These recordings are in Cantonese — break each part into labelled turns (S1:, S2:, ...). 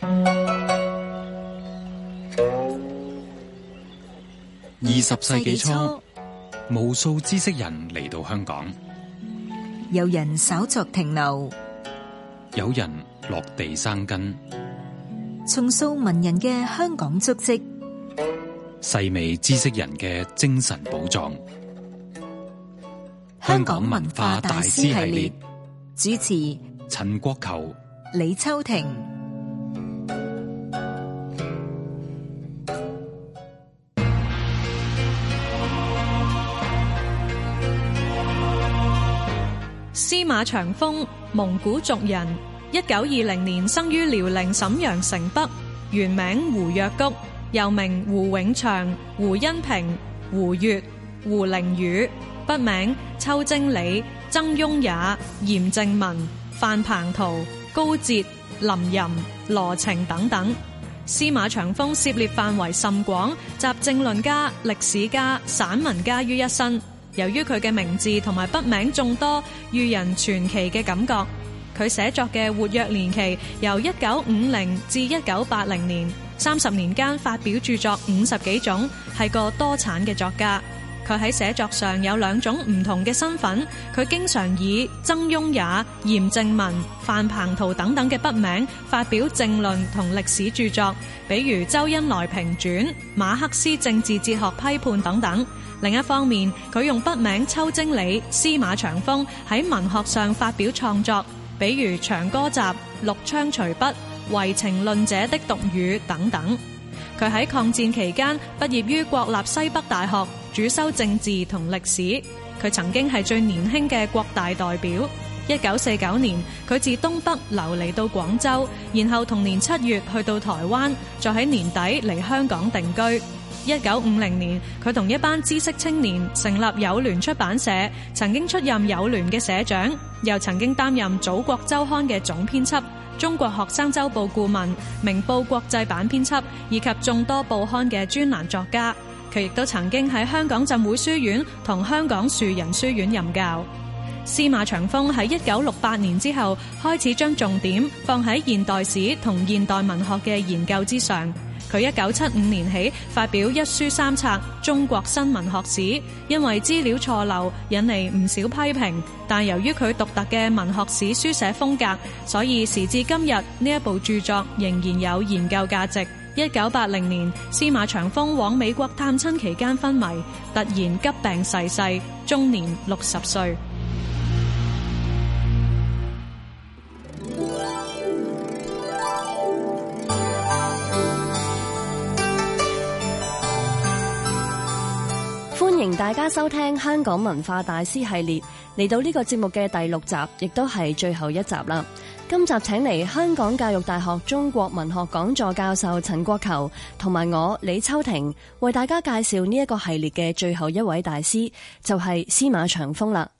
S1: 二十世紀初，無數知識人嚟到香港，
S2: 有人稍作停留，
S1: 有人落地生根，
S2: 重塑文人嘅香港足迹，
S1: 細味知識人嘅精神寶藏。香港文化大師系列，師系列主持：陳國球、
S2: 李秋婷。
S3: 司馬長風，蒙古族人，一九二零年生於遼寧瀋陽城北，原名胡若谷，又名胡永祥、胡欣平、胡越、胡靈雨，筆名秋貞理、曾雍也、嚴靜文、范澎濤、高節、林吟、羅晴等等。司馬長風涉獵範圍甚廣，集政論家、歷史家、散文家於一身。由於佢嘅名字同埋筆名眾多，予人傳奇嘅感覺。佢寫作嘅活躍年期由一九五零至一九八零年，三十年間發表著作五十幾種，係個多產嘅作家。佢喺寫作上有兩種唔同嘅身份，佢經常以曾雍也、嚴靜文、范澎濤等等嘅筆名發表政論同歷史著作，比如《周恩來評傳》《馬克思政治哲學批判》等等。另一方面，佢用筆名秋貞理、司馬長風喺文學上發表創作，比如《長歌集》《六槍隨筆》《為情論者的讀語》等等。佢喺抗戰期間畢業於國立西北大學，主修政治同歷史。佢曾經係最年輕嘅國大代表。一九四九年，佢自東北流離到廣州，然後同年七月去到台灣，再喺年底嚟香港定居。一九五零年，佢同一班知識青年成立友聯出版社，曾經出任友聯嘅社長，又曾經擔任《祖國周刊》嘅總編輯、中國學生周報顧問、明報國際版編輯，以及眾多報刊嘅專欄作家。佢亦都曾經喺香港浸會書院同香港樹仁書院任教。司馬長風喺一九六八年之後，開始將重點放喺現代史同現代文學嘅研究之上。佢一九七五年起發表《一書三冊中國新文學史》，因為資料錯漏，引嚟唔少批評。但由於佢獨特嘅文學史書寫風格，所以時至今日呢一部著作仍然有研究價值。一九八零年，司馬長風往美國探親期間昏迷，突然急病逝世，終年六十歲。
S4: 歡迎大家收聽《香港文化大師系列》，嚟到呢個節目嘅第六集，亦都係最後一集啦。今集請嚟香港教育大學中國文學講座教授陳國球同埋我李秋婷，為大家介紹呢一個系列嘅最後一位大師，就係司馬長風啦。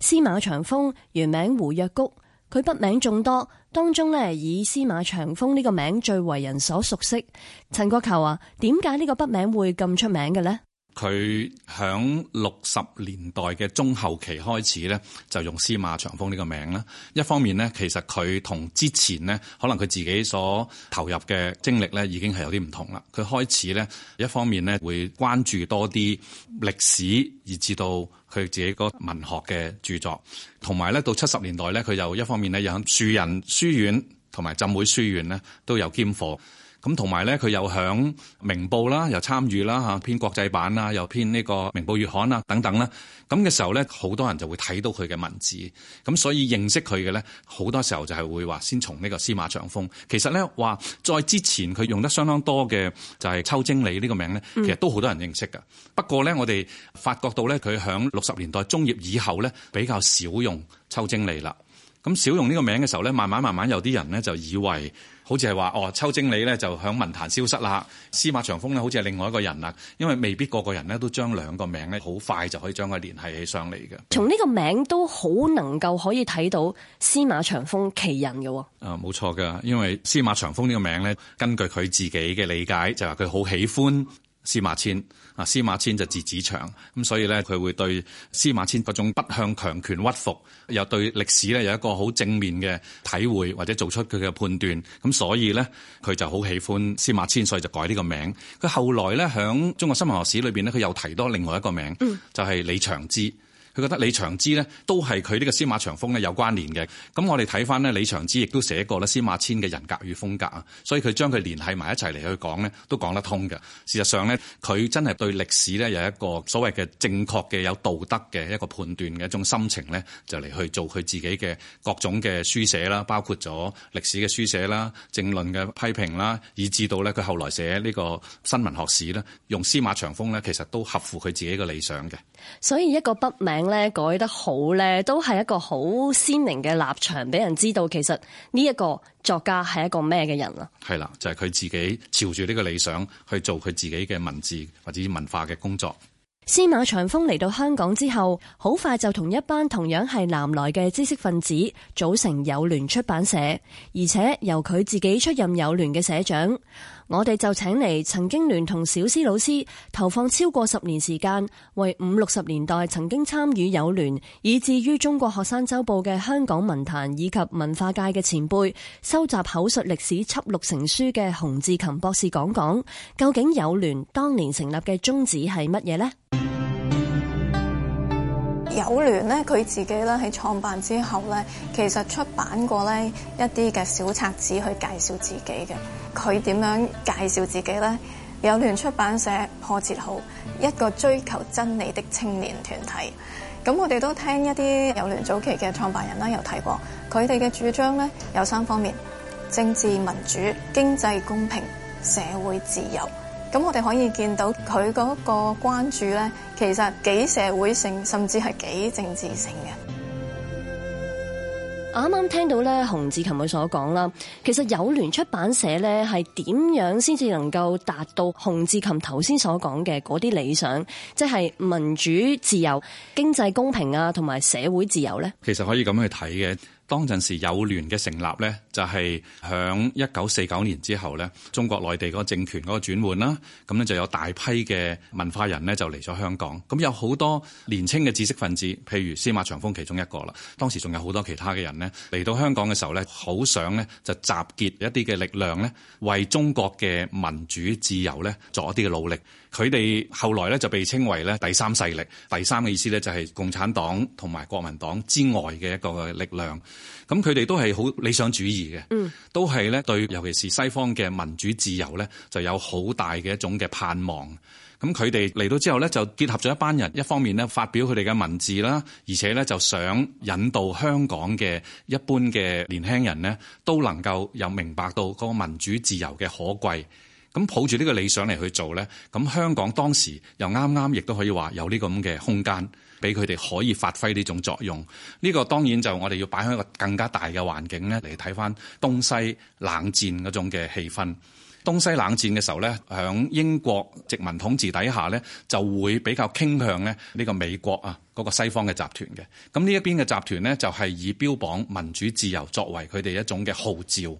S4: 司馬長風原名胡若谷，佢筆名眾多，當中咧以司馬長風呢個名最為人所熟悉。陳國球啊，點解呢個筆名會咁出名嘅咧？
S5: 佢響六十年代嘅中後期開始咧，就用司馬長風呢個名啦。一方面咧，其實佢同之前咧，可能佢自己所投入嘅精力咧，已經係有啲唔同啦。佢開始咧，一方面咧會關注多啲歷史，而至到佢自己個文學嘅著作，同埋咧到七十年代咧，佢又一方面咧有喺樹人書院同埋浸會書院咧都有兼課。咁同埋咧，佢又響《明報》啦，又參與啦嚇，編國際版啦，又編呢個《明報月刊》啦，等等啦。咁嘅時候咧，好多人就會睇到佢嘅文字，咁所以認識佢嘅咧，好多時候就係會話先從呢個司馬長風。其實咧話再之前，佢用得相當多嘅就係秋貞理呢個名咧，其實都好多人認識㗎。不過咧，我哋發覺到咧，佢響六十年代中葉以後咧，比較少用秋貞理啦。咁少用呢個名嘅時候咧，慢慢慢慢有啲人咧就以為。好似係話，哦，邱經理秋貞理咧就響文壇消失啦。司馬長風咧，好似係另外一個人啦，因為未必個個人咧都將兩個名咧好快就可以將佢連繫起上嚟嘅。
S4: 從呢個名都好能夠可以睇到司馬長風其人嘅、哦。
S5: 啊、嗯，冇錯㗎，因為司馬長風呢個名咧，根據佢自己嘅理解，就話佢好喜歡。司馬遷啊，司馬遷就字子長，咁所以咧，佢會對司馬遷嗰種不向強權屈服，又對歷史咧有一個好正面嘅體會，或者做出佢嘅判斷，咁所以咧，佢就好喜歡司馬遷，所以就改呢個名。佢後來咧響中國新文學史裏邊咧，佢又提多另外一個名，就係、是、李長之。佢覺得李長之咧都係佢呢個司馬長風咧有關聯嘅，咁我哋睇翻咧李長之亦都寫過咧司馬遷嘅人格與風格啊，所以佢將佢連係埋一齊嚟去講咧，都講得通嘅。事實上咧，佢真係對歷史咧有一個所謂嘅正確嘅有道德嘅一個判斷嘅一種心情咧，就嚟去做佢自己嘅各種嘅書寫啦，包括咗歷史嘅書寫啦、政論嘅批評啦，以至到咧佢後來寫呢個新文學史咧，用司馬長風咧其實都合乎佢自己嘅理想嘅。
S4: 所以一個筆名。咧改得好咧，都係一個好鮮明嘅立場，俾人知道其實呢一個作家係一個咩嘅人啦。
S5: 係啦，就係、是、佢自己朝住呢個理想去做佢自己嘅文字或者文化嘅工作。
S4: 司馬長風嚟到香港之後，好快就同一班同樣係南來嘅知識分子組成友聯出版社，而且由佢自己出任友聯嘅社長。我哋就請嚟，曾經聯同小思老師投放超過十年時間，為五六十年代曾經參與友聯，以至於中國學生週報嘅香港文壇以及文化界嘅前輩，收集口述歷史輯錄成書嘅熊志琴博士講講，究竟友聯當年成立嘅宗旨係乜嘢呢？
S6: 友聯呢，佢自己咧喺創辦之後呢，其實出版過呢一啲嘅小冊子去介紹自己嘅。佢點樣介紹自己呢？友聯出版社破折號一個追求真理的青年團體。咁我哋都聽一啲友聯早期嘅創辦人啦，有提過佢哋嘅主張呢，有三方面：政治民主、經濟公平、社會自由。咁我哋可以見到佢嗰個關注呢，其實幾社會性，甚至係幾政治性嘅。
S4: 啱啱聽到咧，熊志琴佢所講啦，其實友聯出版社咧係點樣先至能夠達到熊志琴頭先所講嘅嗰啲理想，即係民主自由、經濟公平啊，同埋社會自由咧。
S5: 其實可以咁去睇嘅，當陣時友聯嘅成立咧，就係響一九四九年之後呢，中國內地嗰個政權嗰個轉換啦，咁呢就有大批嘅文化人呢，就嚟咗香港，咁有好多年輕嘅知識分子，譬如司馬長風其中一個啦，當時仲有好多其他嘅人呢，嚟到香港嘅時候呢，好想呢就集結一啲嘅力量呢，為中國嘅民主自由呢做一啲嘅努力。佢哋後來呢，就被稱為呢第三勢力，第三嘅意思呢，就係共產黨同埋國民黨之外嘅一個力量。咁佢哋都係好理想主義嘅，都係咧對，尤其是西方嘅民主自由咧，就有好大嘅一種嘅盼望。咁佢哋嚟到之後咧，就結合咗一班人，一方面咧發表佢哋嘅文字啦，而且咧就想引導香港嘅一般嘅年輕人咧，都能夠有明白到個民主自由嘅可貴。咁抱住呢個理想嚟去做咧，咁香港當時又啱啱亦都可以話有呢個咁嘅空間。俾佢哋可以發揮呢種作用，呢個當然就我哋要擺喺一個更加大嘅環境咧嚟睇返東西冷戰嗰種嘅氣氛。東西冷戰嘅時候咧，響英國殖民統治底下咧，就會比較傾向咧呢個美國啊，嗰個西方嘅集團嘅。咁呢一邊嘅集團咧，就係以標榜民主自由作為佢哋一種嘅號召。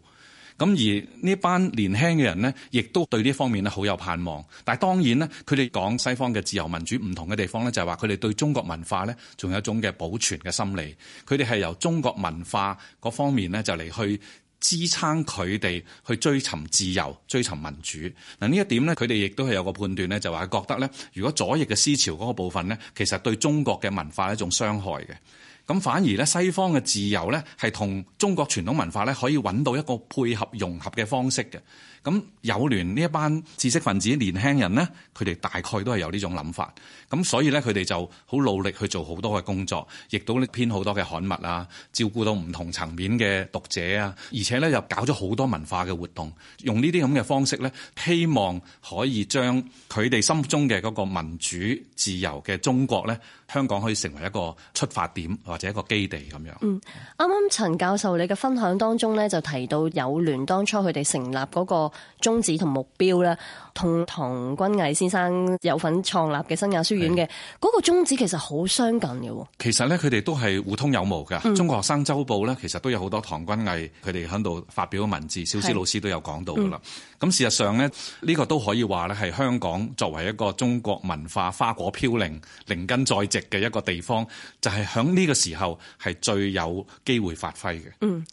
S5: 咁而呢班年輕嘅人呢，亦都對呢方面呢好有盼望。但係當然呢，佢哋講西方嘅自由民主唔同嘅地方呢，就係話佢哋對中國文化呢，仲有一種嘅保存嘅心理。佢哋係由中國文化嗰方面呢，就嚟去支撐佢哋去追尋自由、追尋民主。嗱呢一點呢，佢哋亦都係有個判斷呢，就話覺得呢，如果左翼嘅思潮嗰個部分呢，其實對中國嘅文化一種傷害嘅。咁反而咧，西方嘅自由咧，係同中國傳統文化咧，可以揾到一個配合融合嘅方式嘅。咁友聯呢一班知識分子年輕人咧，佢哋大概都係有呢種諗法。咁所以咧，佢哋就好努力去做好多嘅工作，亦都編好多嘅刊物啊，照顧到唔同層面嘅讀者啊，而且咧又搞咗好多文化嘅活動，用呢啲咁嘅方式咧，希望可以將佢哋心中嘅嗰個民主自由嘅中國咧。香港可以成為一個出發點，或者一個基地咁樣。
S4: 嗯，啱啱陳教授你嘅分享當中咧，就提到友聯當初佢哋成立嗰個宗旨同目標咧。同唐君毅先生有份創立嘅新亞書院嘅嗰是個宗旨，其實好相近嘅。
S5: 其實咧，佢哋都係互通有無㗎。嗯、中國學生週報咧，其實都有好多唐君毅佢哋喺度發表嘅文字。小思老師都有講到噶啦。咁、嗯、事實上咧，呢、呢個都可以話咧，係香港作為一個中國文化花果飄零、靈根自植嘅一個地方，就係喺呢個時候係最有機會發揮嘅。
S4: 嗯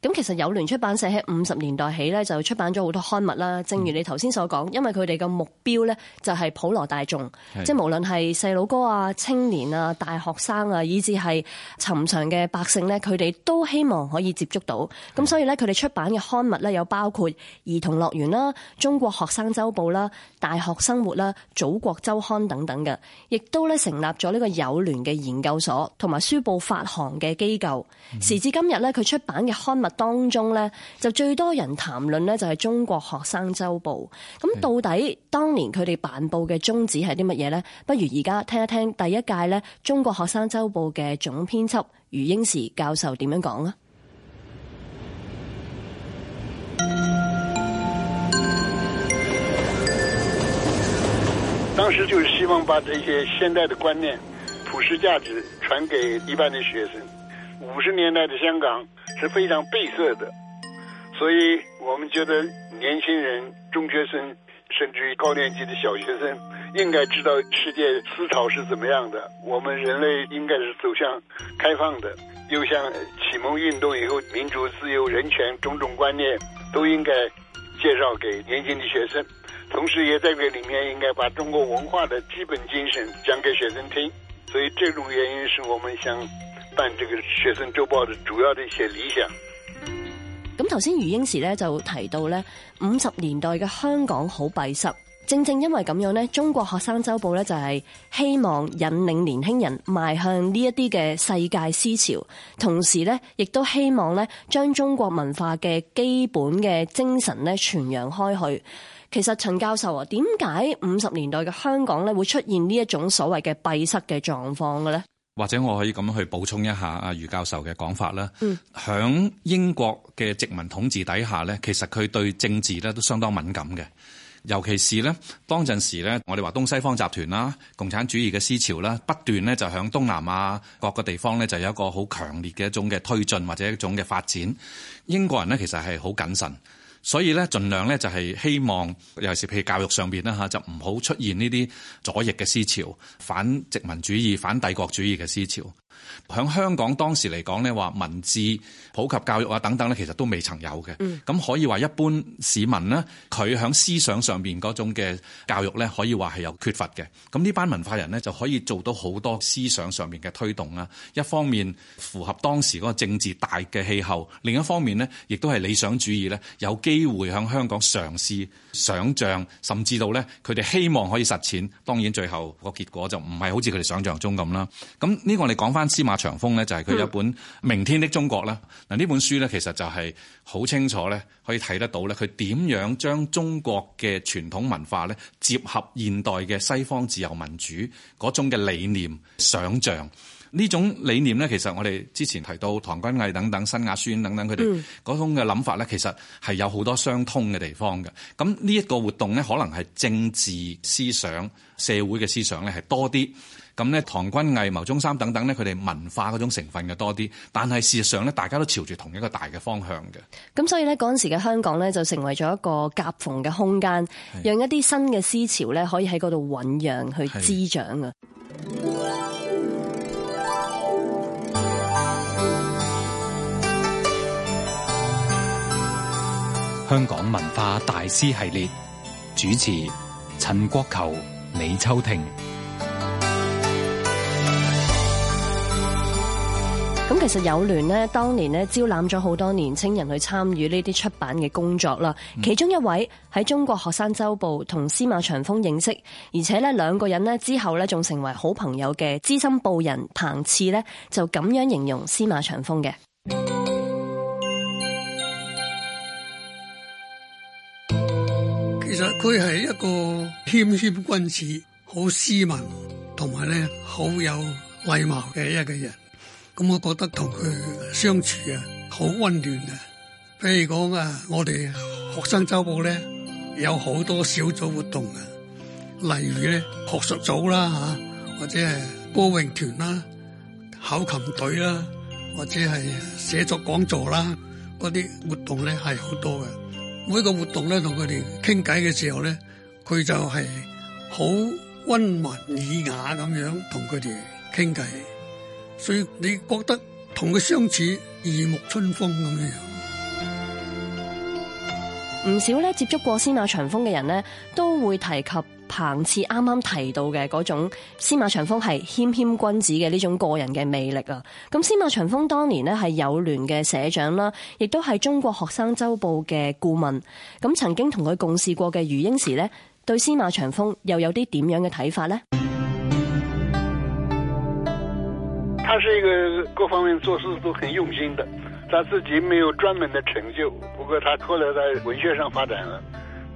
S4: 咁其實友聯出版社喺五十年代起咧就出版咗好多刊物啦。正如你頭先所講，因為佢哋嘅目標咧就係普羅大眾，是即係無論係細佬哥啊、青年啊、大學生啊，以至係尋常嘅百姓咧，佢哋都希望可以接觸到。咁是所以咧，佢哋出版嘅刊物咧有包括兒童樂園啦、中國學生周報啦、大學生活啦、祖國週刊等等嘅，亦都咧成立咗呢個友聯嘅研究所同埋書報發行嘅機構。嗯、時至今日咧，佢出版嘅刊物。當中咧就最多人談論咧就係中國學生周報。咁到底當年佢哋辦報嘅宗旨係啲乜嘢咧？不如而家聽一聽第一屆咧中國學生周報嘅總編輯余英時教授點樣講啊？
S7: 當時就是希望把這些現代的觀念、普世價值傳給一般的學生。五十年代的香港是非常閉塞的，所以我們覺得年輕人、中學生，甚至於高年級的小學生，應該知道世界思潮是怎麼樣的。我們人類應該是走向開放的，又像啟蒙運動以後，民主、自由、人權種種觀念，都應該介紹給年輕的學生。同時也在這裡面應該把中國文化的基本精神講給學生聽。所以這種原因是我們想。但這個學生週報的主要的一些理想。
S4: 咁頭先余英時咧就提到咧，五十年代嘅香港好閉塞，正正因為咁樣呢，中國學生週報咧就係希望引領年輕人邁向呢一啲嘅世界思潮，同時咧亦都希望咧將中國文化嘅基本嘅精神咧傳揚開去。其實陳教授啊，點解五十年代嘅香港咧會出現呢一種所謂嘅閉塞嘅狀況嘅咧？
S5: 或者我可以咁樣去補充一下阿余教授嘅講法啦。喺英國嘅殖民統治底下咧，其實佢對政治咧都相當敏感嘅，尤其是咧當陣時咧，我哋話東西方集團啦、共產主義嘅思潮啦，不斷咧就喺東南亞各個地方咧就有一個好強烈嘅一種嘅推進或者一種嘅發展，英國人咧其實係好謹慎。所以咧，盡量咧就係希望，尤其是譬如教育上邊啦嚇，就唔好出現呢啲左翼嘅思潮、反殖民主義、反帝國主義嘅思潮。響香港當時嚟講咧，話文字普及教育啊等等咧，其實都未曾有嘅。咁、嗯、可以話一般市民呢，佢喺思想上面嗰種嘅教育咧，可以話係有缺乏嘅。咁呢班文化人呢，就可以做到好多思想上面嘅推動啦。一方面符合當時嗰個政治大嘅氣候，另一方面呢，亦都係理想主義呢，有機會喺香港嘗試想像，甚至到呢，佢哋希望可以實踐。當然最後個結果就唔係好似佢哋想像中咁啦。咁呢個我哋講翻。司馬長風咧就係佢有一本《明天的中國》啦，嗱呢本書咧其實就係好清楚咧，可以睇得到咧，佢點樣將中國嘅傳統文化咧結合現代嘅西方自由民主嗰種嘅理念想象。呢種理念呢，其實我哋之前提到唐君毅等等、新亞書院等等，佢哋嗰種嘅諗法呢，其實係有好多相通嘅地方嘅。咁呢一個活動呢，可能係政治思想、社會嘅思想呢，係多啲。咁呢唐君毅、牟宗三等等呢，佢哋文化嗰種成分嘅多啲，但係事實上呢，大家都朝住同一個大嘅方向嘅。
S4: 咁所以呢，嗰陣時嘅香港呢，就成為咗一個夾縫嘅空間，是讓一啲新嘅思潮呢，可以喺嗰度醞釀去滋長啊。
S1: 香港文化大師系列主持，陳國球、李秋婷。
S4: 咁其實友聯咧，當年咧招攬咗好多年青人去參與呢啲出版嘅工作啦。其中一位喺中國學生周報同司馬長風認識，而且咧兩個人咧之後咧仲成為好朋友嘅資深報人彭次咧，就咁樣形容司馬長風嘅。其實佢
S8: 係一個謙謙君子，好斯文，同埋咧好有禮貌嘅一個人。咁我覺得同佢相處啊，好溫暖啊。譬如講啊，我哋學生周報咧有好多小組活動啊，例如咧學術組啦吓，或者係歌詠團啦、考琴隊啦，或者係寫作講座啦，嗰啲活動咧係好多嘅。每一個活動咧同佢哋傾偈嘅時候咧，佢就係好溫文爾雅咁樣同佢哋傾偈，所以你覺得同佢相似，如沐春風咁樣。
S4: 唔少咧接觸過司馬長風嘅人咧，都會提及。彭次啱啱提到嘅嗰種司馬長風係謙謙君子嘅呢種個人嘅魅力啊！咁司馬長風當年咧，係友聯嘅社長啦，亦都係中國學生周報嘅顧問。咁曾經同佢共事過嘅余英時咧，對司馬長風又有啲點樣嘅睇法咧？
S7: 他是一個各方面做事都很用心的，他自己沒有專門的成就，不過他後來在文學上發展了。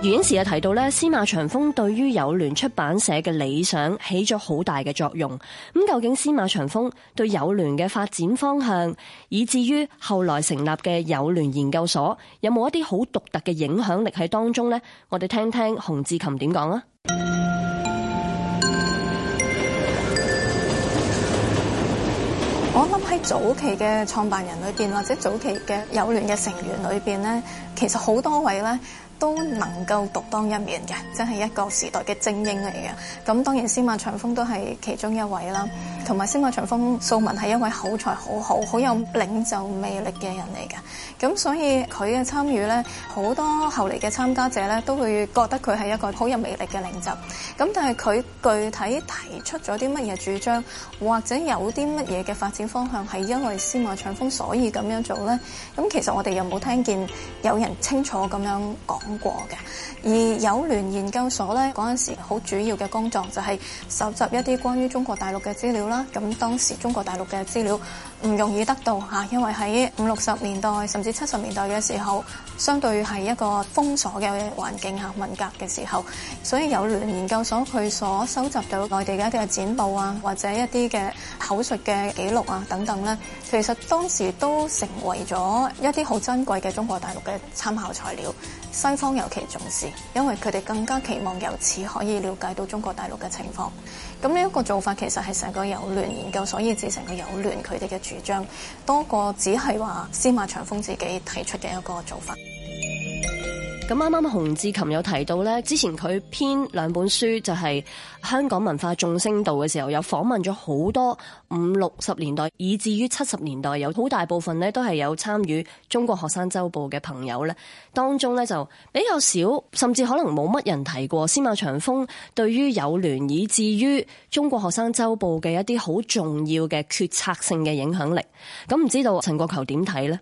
S4: 余影時又提到咧，司馬長風對於友聯出版社嘅理想起咗好大嘅作用。咁究竟司馬長風對友聯嘅發展方向，以至於後來成立嘅友聯研究所，有冇一啲好獨特嘅影響力喺當中呢？我哋聽聽洪志琴點講啊！
S6: 我諗喺早期嘅創辦人裏邊，或者早期嘅友聯嘅成員裏邊呢，其實好多位咧。都能夠獨當一面嘅，真係一個時代嘅精英嚟嘅。咁當然司馬長風都係其中一位啦，同埋司馬長風素文係一位口才好好、好有領袖魅力嘅人嚟嘅。咁所以佢嘅參與咧，好多後嚟嘅參加者咧都會覺得佢係一個好有魅力嘅領袖。咁但係佢具體提出咗啲乜嘢主張，或者有啲乜嘢嘅發展方向係因為司馬長風所以咁樣做咧？咁其實我哋又冇聽見有人清楚咁樣講。過嘅而，友聯研究所咧，嗰陣時好主要嘅工作就係搜集一啲關於中國大陸嘅資料啦。咁當時中國大陸嘅資料唔容易得到吓，因為喺五六十年代甚至七十年代嘅時候，相對係一個封鎖嘅環境吓，文革嘅時候，所以友聯研究所佢所收集到內地嘅一啲嘅剪報啊，或者一啲嘅口述嘅記錄啊等等咧，其實當時都成為咗一啲好珍貴嘅中國大陸嘅參考材料。西方尤其重視，因為佢哋更加期望由此可以了解到中國大陸嘅情況。咁呢一個做法其實係成個友聯研究所以至成個友聯佢哋嘅主張多過只係話司馬長風自己提出嘅一個做法。
S4: 咁啱啱熊志琴有提到咧，之前佢編兩本書就係、是、香港文化眾聲道嘅時候，有訪問咗好多五六十年代以至於七十年代有，有好大部分咧都係有參與中國學生周報嘅朋友咧，當中咧就比較少，甚至可能冇乜人提過司馬長風對於友聯以至於中國學生周報嘅一啲好重要嘅決策性嘅影響力。咁唔知道陳國球點睇咧？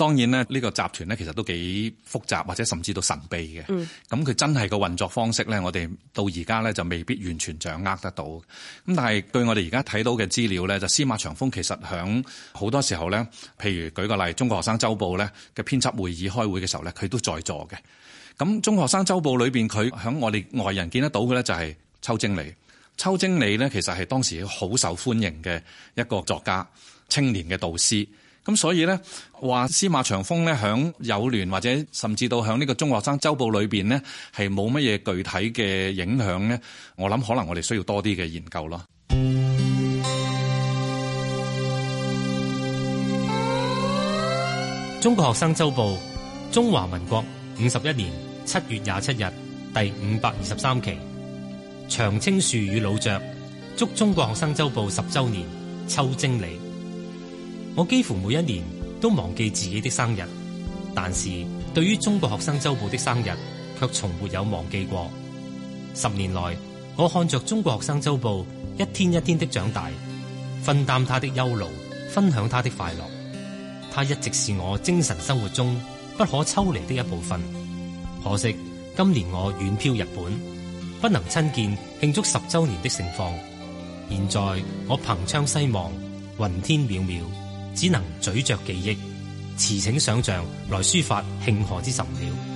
S5: 當然咧，呢、這個集團咧其實都幾複雜，或者甚至到神秘嘅。咁佢、嗯、真係個運作方式咧，我哋到而家咧就未必完全掌握得到。咁但係據我哋而家睇到嘅資料咧，就司馬長風其實響好多時候咧，譬如舉個例，中國學生週報咧嘅編輯會議開會嘅時候咧，佢都在座嘅。咁中學生週報裏面，佢響我哋外人見得到嘅咧，就係秋貞理。秋貞理咧其實係當時好受歡迎嘅一個作家、青年嘅導師。咁所以咧，話司馬長風咧，響友聯或者甚至到響呢個中學生周報裏面呢，係冇乜嘢具體嘅影響咧。我諗可能我哋需要多啲嘅研究咯。
S9: 中國學生周報，中華民國五十一年七月廿七日，第五百二十三期，長青樹與老雀，祝中國學生周報十週年，秋貞理。我幾乎每一年都忘記自己的生日，但是對於中國學生周報的生日，卻從沒有忘記過。十年來，我看着中國學生周報一天一天的長大，分擔他的憂勞，分享他的快樂。他一直是我精神生活中不可抽離的一部分。可惜今年我遠漂日本，不能親見慶祝十周年的盛況。現在我憑窗西望，雲天渺渺。只能嘴咀嚼記憶，辭請想象來抒發慶賀之神妙。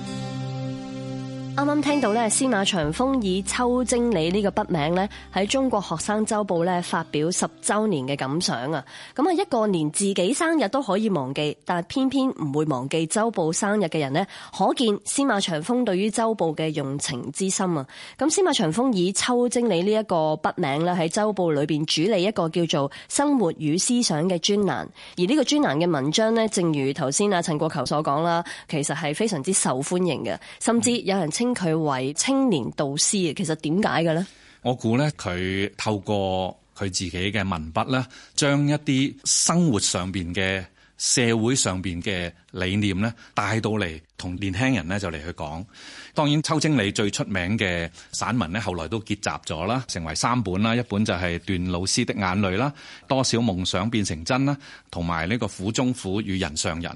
S4: 啱啱聽到咧，司馬長風以秋貞理呢個筆名咧，喺中國學生周報咧發表十週年嘅感想啊！咁啊，一個連自己生日都可以忘記，但偏偏唔會忘記周報生日嘅人呢。可見司馬長風對於周報嘅用情之深啊！咁司馬長風以秋貞理呢一個筆名咧，喺周報裏邊主理一個叫做《生活與思想》嘅專欄，而呢個專欄嘅文章呢，正如頭先阿陳國球所講啦，其實係非常之受歡迎嘅，甚至有人稱佢為青年導師啊，其實點解嘅咧？
S5: 我估咧，佢透過佢自己嘅文筆咧，將一啲生活上邊嘅、社會上邊嘅理念咧，帶到嚟同年輕人咧就嚟去講。當然，秋貞理最出名嘅散文咧，後來都結集咗啦，成為三本啦，一本就係、是《段老師的眼淚》啦，《多少夢想變成真》啦，同埋呢個《苦中苦與人上人》。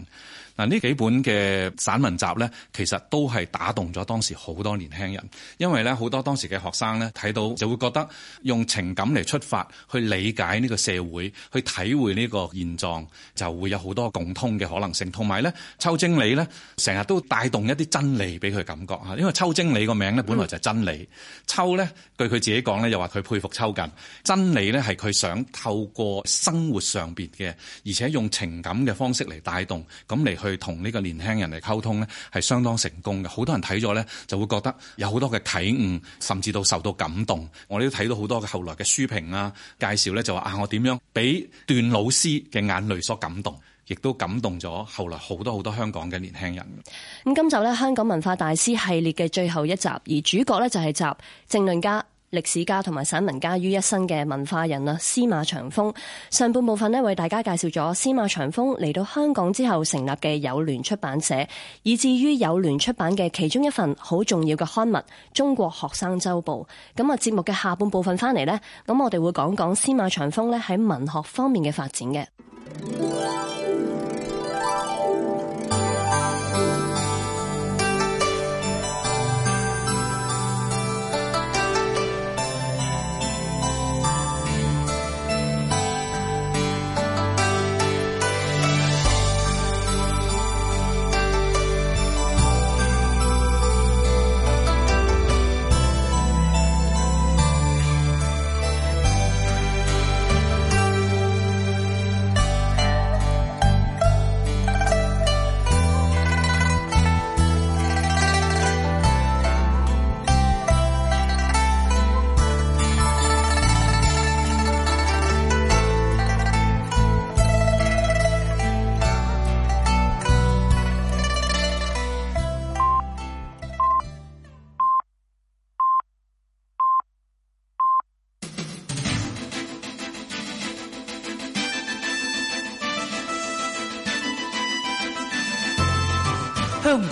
S5: 嗱呢幾本嘅散文集咧，其實都係打動咗當時好多年輕人，因為咧好多當時嘅學生咧睇到就會覺得用情感嚟出發去理解呢個社會，去體會呢個現狀，就會有好多共通嘅可能性。同埋咧，秋貞理咧成日都帶動一啲真理俾佢感覺吓，因為秋貞理個名咧本來就係真理。秋咧據佢自己講咧，又話佢佩服秋瑾真理咧，係佢想透過生活上邊嘅，而且用情感嘅方式嚟帶動咁嚟去，去同呢個年輕人嚟溝通呢，係相當成功嘅。好多人睇咗呢，就會覺得有好多嘅啟悟，甚至到受到感動。我哋都睇到好多嘅後來嘅書評啊，介紹呢，就話啊，我點樣俾段老師嘅眼淚所感動，亦都感動咗後來好多好多香港嘅年輕人。
S4: 咁今集呢，香港文化大師系列嘅最後一集，而主角呢，就係集政論家。歷史家同埋散文家於一身嘅文化人啊，司馬長風。上半部分呢，為大家介紹咗司馬長風嚟到香港之後成立嘅友聯出版社，以至於友聯出版嘅其中一份好重要嘅刊物《中國學生周報》。咁啊，節目嘅下半部分翻嚟呢，咁我哋會講講司馬長風咧喺文學方面嘅發展嘅。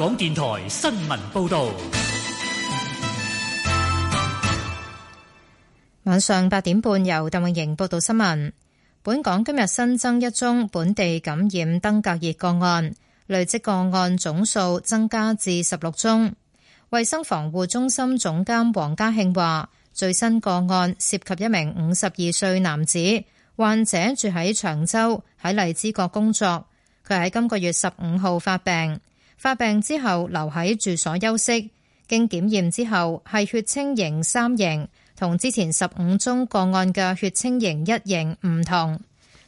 S9: 港電台新聞報道，
S2: 晚上八點半由鄧穎瑩報道新聞。本港今日新增一宗本地感染登革熱個案，累積個案總數增加至十六宗。衛生防護中心總監黃家慶話，最新個案涉及一名五十二歲男子，患者住喺長洲，喺荔枝角工作。佢喺今個月十五號發病。發病之後留喺住所休息，經檢驗之後係血清型三型，同之前十五宗個案嘅血清型一型唔同。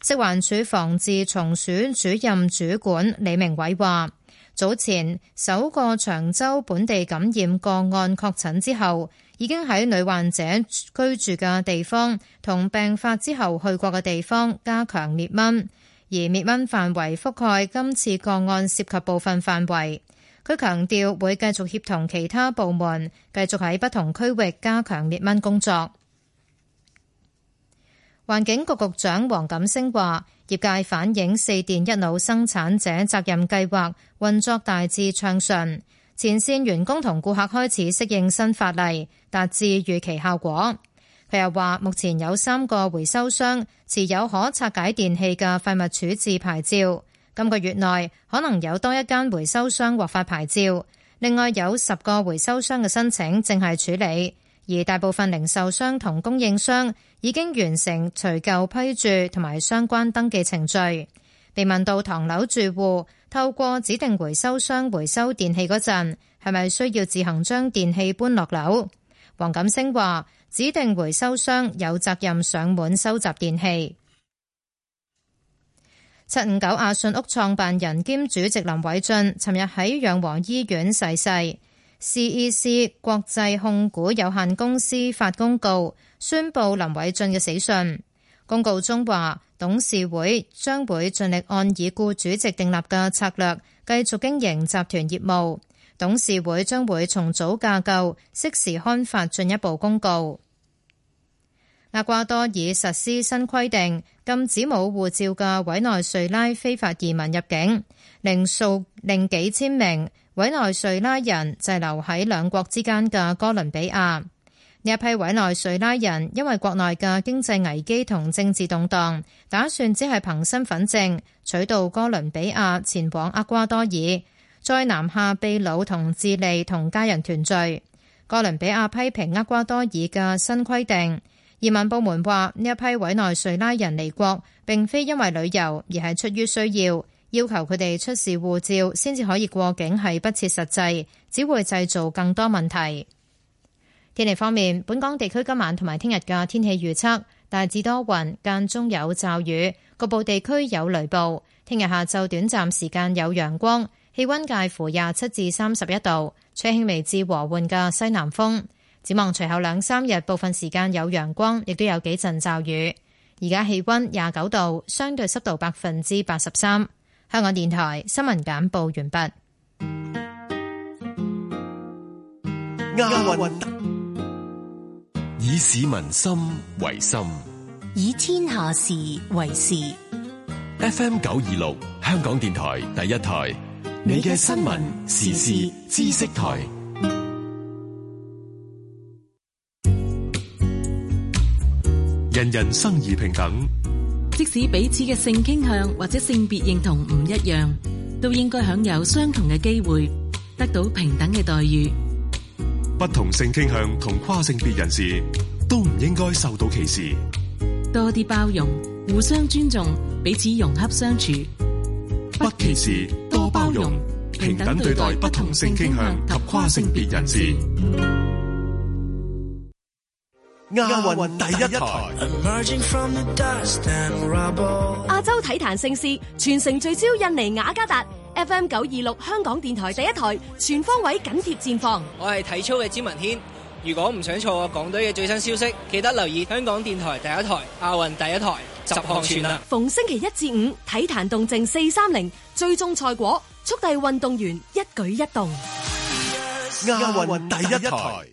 S2: 食環署防治蟲鼠主任主管李明偉話，早前首個長洲本地感染個案確診之後，已經喺女患者居住嘅地方同病發之後去過嘅地方加強滅蚊。而滅蚊範圍覆蓋今次個案涉及部分範圍，佢強調會繼續協同其他部門，繼續喺不同區域加強滅蚊工作。環境局局長黃錦星話：業界反映四電一腦生產者責任計劃運作大致暢順，前線員工同顧客開始適應新法例，達至預期效果。佢又話：目前有三個回收商持有可拆解電器嘅廢物處置牌照，今個月內可能有多一間回收商獲發牌照。另外有十個回收商嘅申請正係處理，而大部分零售商同供應商已經完成除舊批注同埋相關登記程序。被問到唐樓住戶透過指定回收商回收電器嗰陣係咪需要自行將電器搬落樓，黃錦星話。指定回收商有責任上門收集電器。七五九阿信屋創辦人兼主席林偉俊尋日喺養和醫院逝世。CEC 國際控股有限公司發公告，宣佈林偉俊嘅死訊。公告中話，董事會將會盡力按已故主席訂立嘅策略，繼續經營集團業務。董事會將會重組架構，適時刊發進一步公告。厄瓜多爾實施新規定，禁止冇護照嘅委內瑞拉非法移民入境，令數令幾千名委內瑞拉人滯留喺兩國之間嘅哥倫比亞。呢一批委內瑞拉人因為國內嘅經濟危機同政治動盪，打算只係憑身份證取道哥倫比亞前往厄瓜多爾。再南下秘魯同智利同家人團聚。哥倫比亞批評厄瓜多爾嘅新規定，移民部門話呢一批委內瑞拉人離國，並非因為旅遊，而係出於需要。要求佢哋出示護照先至可以過境係不切實際，只會製造更多問題。天氣方面，本港地區今晚同埋聽日嘅天氣預測大致多雲，間中有驟雨，局部地區有雷暴。聽日下晝短暫時間有陽光。氣溫介乎廿七至三十一度，吹輕微至和緩嘅西南風。展望隨後兩三日，部分時間有陽光，亦都有幾陣驟雨。而家氣溫廿九度，相對濕度百分之八十三。香港電台新聞簡報完畢。
S4: 亞運。
S1: 以市民心為心，
S4: 以天下事為事。
S1: FM 九二六，香港電台第一台。
S4: 你嘅新聞
S1: 時事知識台，人人生而平等，
S4: 即使彼此嘅性傾向或者性別認同唔一樣，都應該享有相同嘅機會，得到平等嘅待遇。
S1: 不同性傾向同跨性別人士都唔應該受到歧視。
S4: 多啲包容，互相尊重，
S3: 彼此融合相處，
S1: 不歧視。包容、
S3: 平等對待
S1: 不同性傾向及跨性別人士。
S3: 亞運第一台，
S4: 亞洲體壇盛事，全程聚焦印尼雅加達。加達 FM 九二六香港電台第一台，全方位緊貼戰況。
S9: 我係體操嘅詹文軒，如果唔想錯過港隊嘅最新消息，記得留意香港電台第一台亞運第一台。
S4: 逢星期一至五，體壇動靜四三零最終賽果，速遞運動員一舉一動。
S1: 亞運 Yes. 第一台。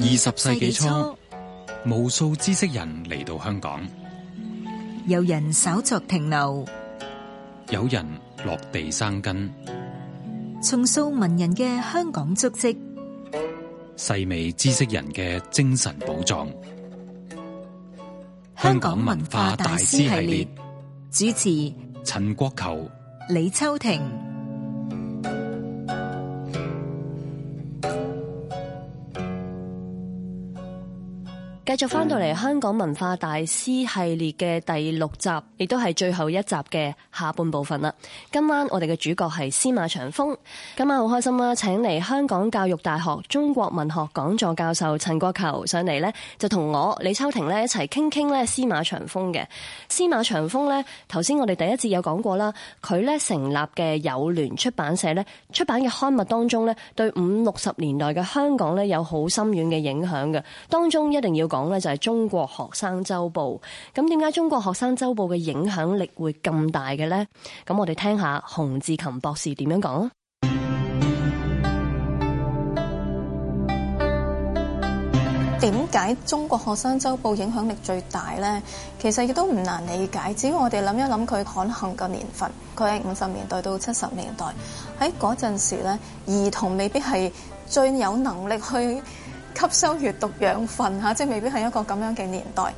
S1: 二十世紀初，無數知識人嚟到香港，人
S2: 香港有人稍作停留。
S1: 有人落地生根，
S2: 重塑文人嘅香港足跡，
S1: 細微知識人嘅精神寶藏。香港文化大師系列，師系列主持：陳國球、
S2: 李
S4: 秋婷。繼續翻到嚟香港文化大師系列嘅第六集，亦都係最後一集嘅下半部分啦。今晚我哋嘅主角係司馬長風。今晚好開心啦，請嚟香港教育大學中國文學講座教授陳國球上嚟呢就同我李秋婷呢一齊傾傾咧司馬長風嘅司馬長風呢，頭先我哋第一節有講過啦，佢咧成立嘅友聯出版社呢，出版嘅刊物當中呢，對五六十年代嘅香港呢，有好深遠嘅影響嘅，當中一定要講。講咧就係中國學生周報，咁點解中國學生周報嘅影響力會咁大嘅咧？咁我哋聽下洪志琴博士點樣講啦。
S6: 點解中國學生周報影響力最大咧？其實亦都唔難理解，只要我哋諗一諗佢刊行嘅年份，佢喺五十年代到七十年代，喺嗰陣時咧，兒童未必係最有能力去。吸收閲讀養分嚇，即係未必係一個咁樣嘅年代。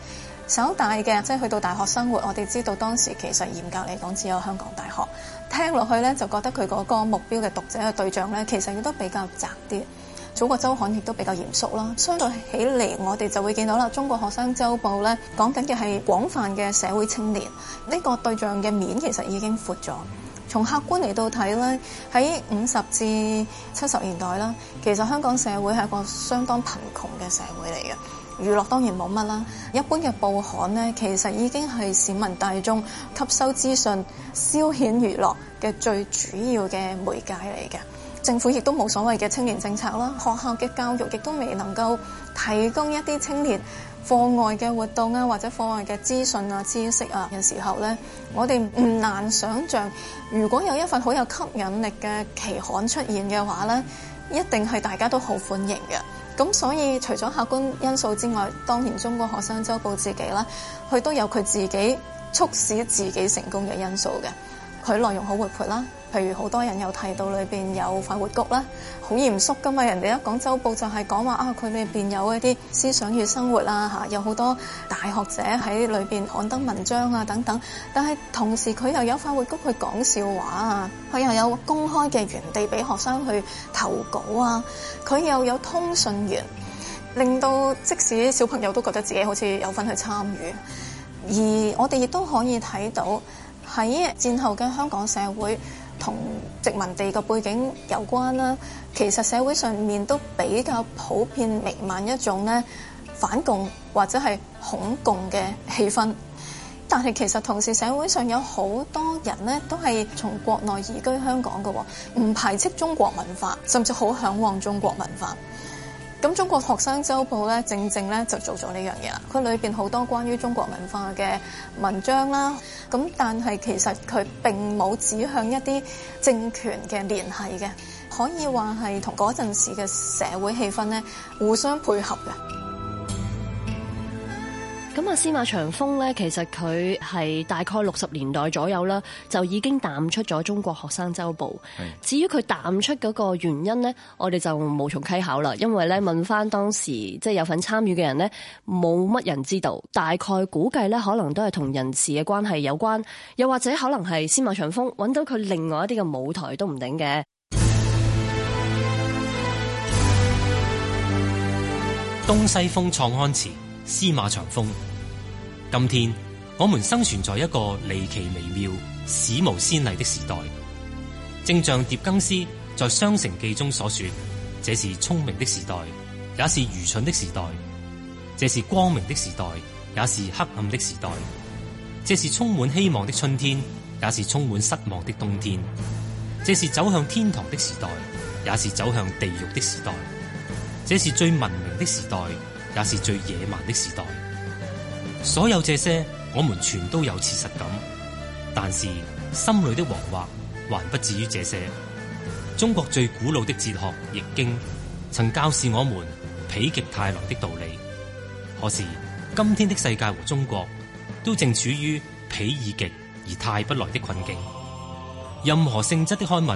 S6: 稍大嘅即係去到大學生活，我哋知道當時其實嚴格嚟講，只有香港大學聽落去呢，就覺得佢嗰個目標嘅讀者嘅對象呢，其實亦都比較窄啲。祖國周刊亦都比較嚴肅啦。相對起嚟，我哋就會見到啦，中國學生周報呢，講緊嘅係廣泛嘅社會青年呢、這個對象嘅面，其實已經闊咗。從客觀嚟到睇咧，喺五十至七十年代啦，其實香港社會係一個相當貧窮嘅社會嚟嘅。娛樂當然冇乜啦，一般嘅報刊咧，其實已經係市民大眾吸收資訊、消遣娛樂嘅最主要嘅媒介嚟嘅。政府亦都冇所謂嘅青年政策啦，學校嘅教育亦都未能夠提供一啲青年，課外嘅活動啊，或者課外嘅資訊啊、知識啊嘅時候呢，我哋唔難想像，如果有一份好有吸引力嘅期刊出現嘅話呢，一定係大家都好歡迎嘅。咁所以除咗客觀因素之外，當然中國學生周報自己啦，佢都有佢自己促使自己成功嘅因素嘅，佢內容好活潑啦。譬如好多人又提到裏面有快活谷啦，好嚴肅噶嘛。人哋一講周報就係講話啊，佢裏面有一啲思想與生活啦、啊，有好多大學者喺裏面刊登文章啊等等。但係同時佢又有快活谷去講笑話啊，佢又有公開嘅園地俾學生去投稿啊，佢又有通訊員，令到即使小朋友都覺得自己好似有份去參與。而我哋亦都可以睇到喺戰後嘅香港社會。同殖民地嘅背景有關啦，其實社會上面都比較普遍彌漫一種咧反共或者係恐共嘅氣氛，但係其實同時社會上有好多人咧都係從國內移居香港嘅，唔排斥中國文化，甚至好嚮往中國文化。咁中國學生周報咧，正正咧就做咗呢樣嘢啦。佢裏面好多關於中國文化嘅文章啦。咁但係其實佢並冇指向一啲政權嘅聯繫嘅，可以話係同嗰陣時嘅社會氣氛咧互相配合嘅。咁啊，司馬長
S4: 風咧，其實佢係大概六十年代左右啦，就已經淡出咗中國學生周報。的至於佢淡出嗰個原因呢，我哋就無從稽考啦。因為咧，問翻當時即係、就是、有份參與嘅人呢，冇乜人知道。大概估計咧，可能都係同人慈人事嘅關係有關，又或者可能係司馬長風揾到佢另外一啲嘅舞台都唔定嘅。
S9: 東西風創刊詞，司馬長風。今天，我們生存在一個離奇微妙、史無先例的時代，正像狄更斯在《雙城記》中所說：這是聰明的時代，也是愚蠢的時代；這是光明的時代，也是黑暗的時代；這是充滿希望的春天，也是充滿失望的冬天；這是走向天堂的時代，也是走向地獄的時代；這是最文明的時代，也是最野蠻的時代。所有這些，我們全都有切實感，但是心裏的惶惑還不至於這些。中國最古老的哲學易經曾教示我們否極泰來的道理。可是今天的世界和中國都正處於否已極而泰不來的困境。任何性質的刊物，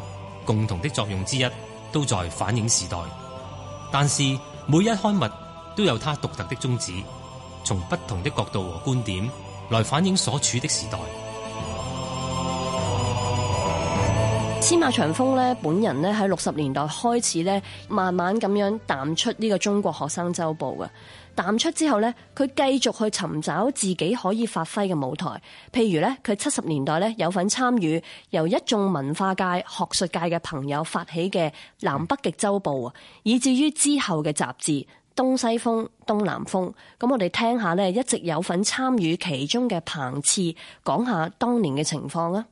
S9: 共同的作用之一，都在反映時代。但是每一刊物都有它獨特的宗旨。從不同的角度和觀點來反映所處的時代。
S4: 司馬長風咧，本人咧喺六十年代開始咧，慢慢咁樣淡出呢個中國學生週報嘅。淡出之後咧，佢繼續去尋找自己可以發揮嘅舞台。譬如咧，佢七十年代咧有份參與由一眾文化界、學術界嘅朋友發起嘅南北極週報啊，以至於之後嘅雜誌。東西風、東南風，咁我哋聽下咧，一直有份參與其中嘅彭次，講下當年嘅情況啊。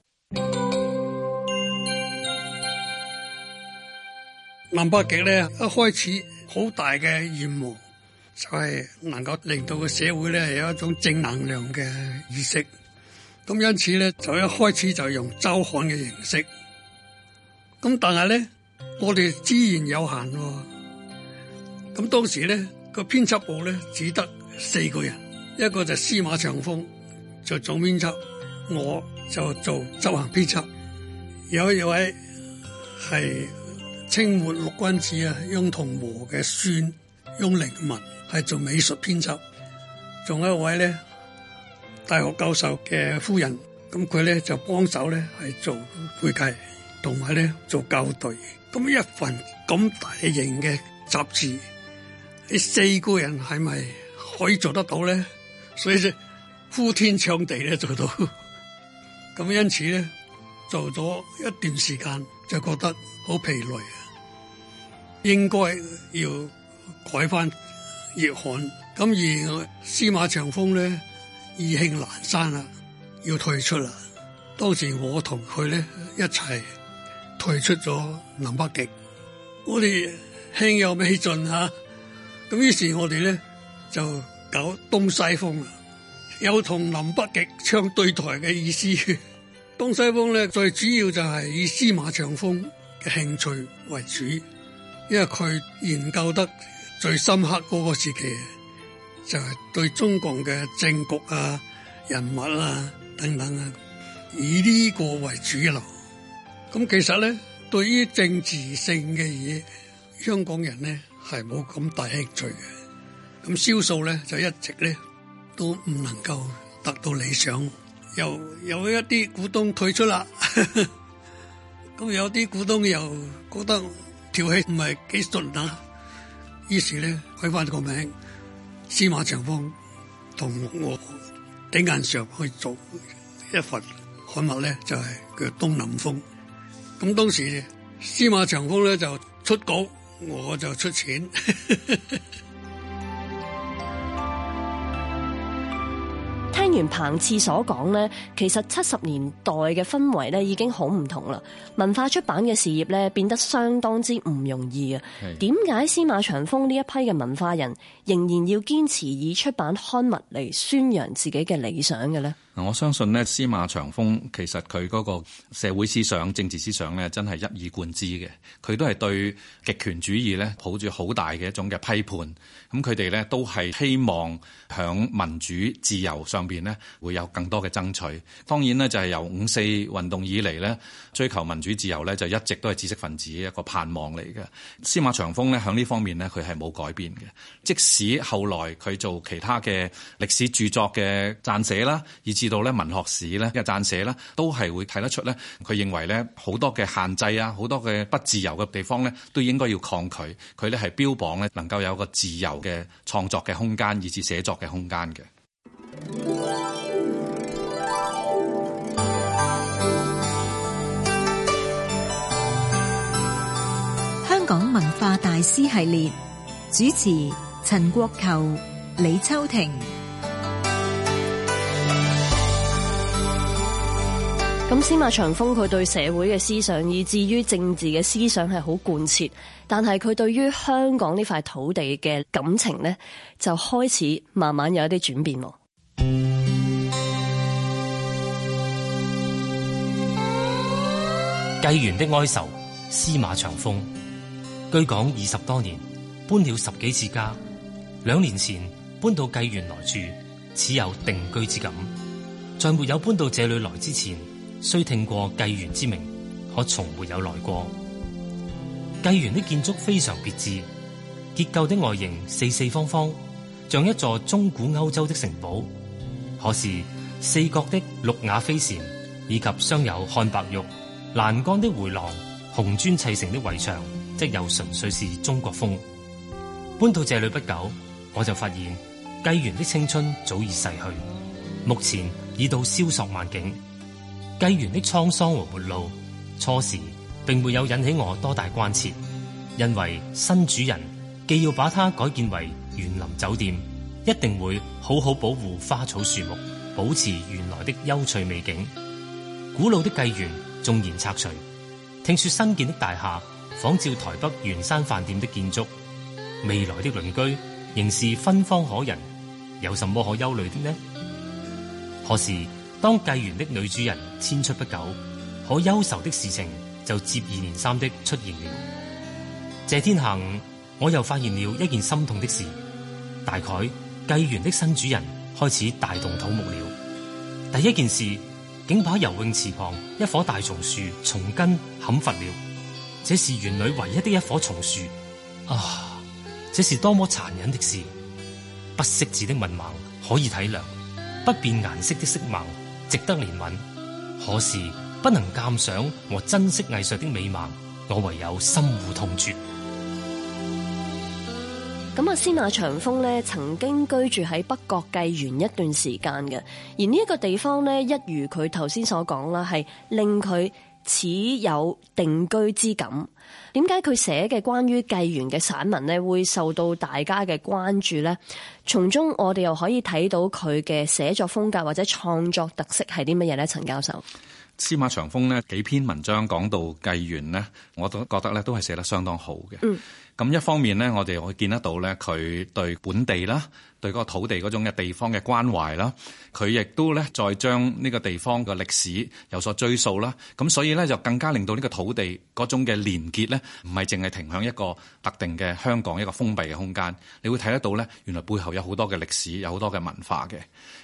S8: 南北極咧一開始好大嘅願望，就係、是、能夠令到個社會咧有一種正能量嘅意識。咁因此咧，就一開始就用周刊嘅形式。咁但係咧，我哋資源有限，哦。咁當時咧個編輯部咧只得四個人，一個就司馬長風就做總編輯，我就做執行編輯。有一位係清末六君子啊翁同龢嘅孫翁靈文，係做美術編輯。仲有一位咧大學教授嘅夫人，咁佢咧就幫手咧係做會計，同埋咧做校對。咁一份咁大型嘅雜誌。呢四個人係咪可以做得到咧？所以就呼天搶地咧， 做到咁。因此咧，做咗一段時間就覺得好疲累，應該要改翻熱汗。咁而司馬長風咧意興闌珊啦，要退出啦。當時我同佢咧一齊退出咗南北極，我哋興有未盡吓、啊。咁於是我哋咧就搞東西風有同南北極唱對台嘅意思。東西風咧最主要就係以司馬長風嘅興趣為主，因為佢研究得最深刻嗰個時期，就係、是、對中國嘅政局啊、人物啊等等啊，以呢個為主流。咁其實咧，對於政治性嘅嘢，香港人咧。係冇咁大興趣嘅，咁銷數咧就一直咧都唔能夠達到理想，又有一啲股東退出啦，咁有啲股東又覺得條氣唔係幾順啦、啊，於是咧改翻個名，司馬長風同我頂硬上去做一份刊物咧，就係叫東南風。咁當時司馬長風咧就出稿。我就出錢 。
S4: 聽完彭次所講呢，其實七十年代嘅氛圍呢已經好唔同啦。文化出版嘅事業呢變得相當之唔容易啊。點解是司馬長風呢一批嘅文化人仍然要堅持以出版刊物嚟宣揚自己嘅理想嘅呢？
S5: 我相信咧，司馬長風其實佢嗰個社會思想、政治思想咧，真係一以貫之嘅。佢都係對極權主義咧，抱住好大嘅一種嘅批判。咁佢哋咧都係希望喺民主自由上邊咧，會有更多嘅爭取。當然咧，就係由五四運動以嚟咧，追求民主自由咧，就一直都係知識分子一個盼望嚟嘅。司馬長風咧，喺呢方面咧，佢係冇改變嘅。即使後來佢做其他嘅歷史著作嘅撰寫啦，至到咧文學史咧，即撰寫咧，都係會睇得出咧。佢認為咧，好多嘅限制啊，好多嘅不自由嘅地方咧，都應該要抗拒。佢咧係標榜咧，能夠有個自由嘅創作嘅空間，以至寫作嘅空間嘅。
S2: 香港文化大師系列
S4: 主持：陳國球、李秋婷。咁司馬長風佢對社會嘅思想，以至於政治嘅思想係好貫徹，但係佢對於香港呢塊土地嘅感情呢，就開始慢慢有一啲轉變。
S9: 薊園的哀愁，司馬長風，居港二十多年搬了十幾次家，兩年前搬到薊園來住，始有定居之感。在沒有搬到這裏來之前。雖聽過薊園之名，可從沒有來過。薊園的建築非常別緻，結構的外形四四方方，像一座中古歐洲的城堡。可是四角的綠瓦飛檐，以及鑲有漢白玉欄杆的回廊，紅磚砌成的圍牆，則又純粹是中國風。搬到這裏不久，我就發現薊園的青春早已逝去，目前已到蕭索萬景。計園的滄桑和沒落，初時並沒有引起我多大關切，因為新主人既要把它改建為園林酒店，一定會好好保護花草樹木，保持原來的幽翠美景。古老的繼園縱然拆除，聽說新建的大廈仿照台北圓山飯店的建築，未來的鄰居仍是芬芳可人，有什麼可憂慮的呢？可是。當繼園的女主人遷出不久，可憂愁的事情就接二連三的出現了。這天下午，我又發現了一件心痛的事。大概繼園的新主人開始大動土木了。第一件事，竟把游泳池旁一棵大松樹松根砍伐了。這是園裏唯一的一棵松樹。啊，這是多麼殘忍的事！不識字的文盲可以體諒，不變顏色的色盲。值得憐憫，可是不能鑒賞和珍惜藝術的美貌，我唯有深惡痛絕。
S4: 咁阿司馬長風咧，曾經居住喺北角繼園一段時間嘅，而呢一個地方咧，一如佢頭先所講啦，係令佢。似有定居之感。點解佢寫嘅關於繼園嘅散文咧，會受到大家嘅關注呢？從中我哋又可以睇到佢嘅寫作風格或者創作特色係啲乜嘢呢？陳教授，
S5: 司馬長風咧，幾篇文章講到繼園咧，我都覺得咧都係寫得相當好嘅。嗯咁一方面咧，我哋可以見得到咧，佢對本地啦，對嗰個土地嗰種嘅地方嘅關懷啦，佢亦都咧再將呢個地方嘅歷史有所追溯啦。咁所以咧，就更加令到呢個土地嗰種嘅連結咧，唔係淨係停喺一個特定嘅香港一個封閉嘅空間，你會睇得到咧，原來背後有好多嘅歷史，有好多嘅文化嘅。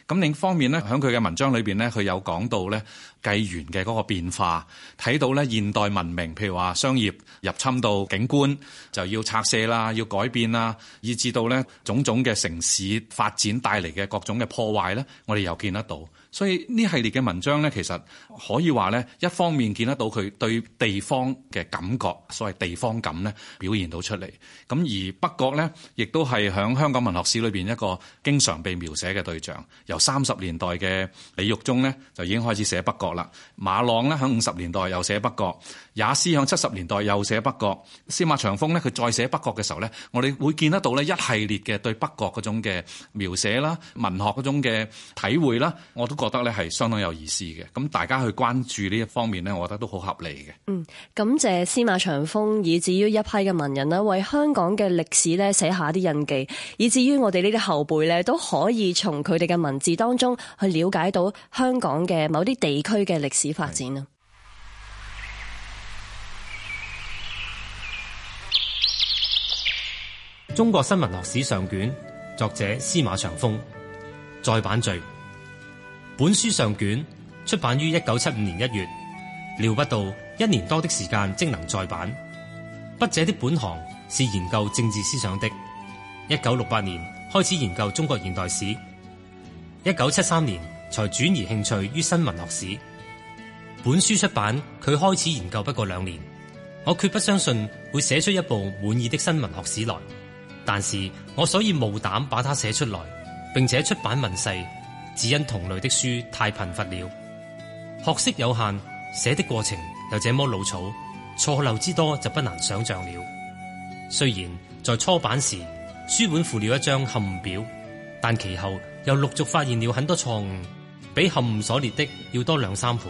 S5: 咁另一方面咧，喺佢嘅文章裏邊咧，佢有講到咧計源嘅嗰個變化，睇到咧現代文明譬如話商業入侵到景觀就要。要拆卸啦，要改變啦，以至到咧種種嘅城市發展帶嚟嘅各種嘅破壞咧，我哋又見得到。所以呢系列嘅文章咧，其實可以話咧，一方面見得到佢對地方嘅感覺，所謂地方感咧，表現到出嚟。咁而北角咧，亦都係喺香港文學史裏邊一個經常被描寫嘅對象。由三十年代嘅李玉中咧，就已經開始寫北角啦。馬朗咧，喺五十年代又寫北角，也斯喺七十年代又寫北角，司馬長風咧，佢再寫北角嘅時候咧，我哋會見得到咧一系列嘅對北角嗰種嘅描寫啦，文學嗰種嘅體會啦，我都覺得咧係相當有意思嘅，咁大家去關注呢一方面咧，我覺得都好合理嘅。
S4: 嗯，感謝司馬長風，以至於一批嘅文人咧，為香港嘅歷史咧寫下啲印記，以至於我哋呢啲後輩咧都可以從佢哋嘅文字當中去了解到香港嘅某啲地區嘅歷史發展啊。
S9: 是《中國新聞學史上卷》，作者司馬長風，再版序。本書上卷出版於一九七五年一月，料不到一年多的時間即能再版。筆者的本行是研究政治思想的，一九六八年開始研究中國現代史，一九七三年才轉移興趣於新文學史。本書出版，佢開始研究不過兩年，我決不相信會寫出一部滿意的新文學史來。但是我所以無膽把它寫出來，並且出版問世。只因同類的書太貧乏了，學識有限，寫的過程又這麼潦草，錯漏之多就不難想象了。雖然在初版時書本附了一張勘誤表，但其後又陸續發現了很多錯誤，比勘誤所列的要多兩三倍。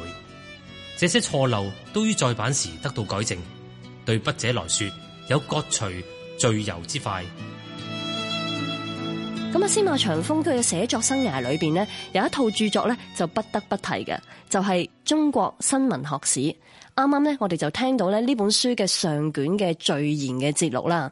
S9: 這些錯漏都於再版時得到改正，對筆者來說有割除贅疣之快。
S4: 咁啊，司馬長風佢嘅寫作生涯裏邊咧，有一套著作咧就不得不提嘅，就係《中國新聞學史》。啱啱咧，我哋就聽到咧呢本書嘅上卷嘅序言嘅節錄啦。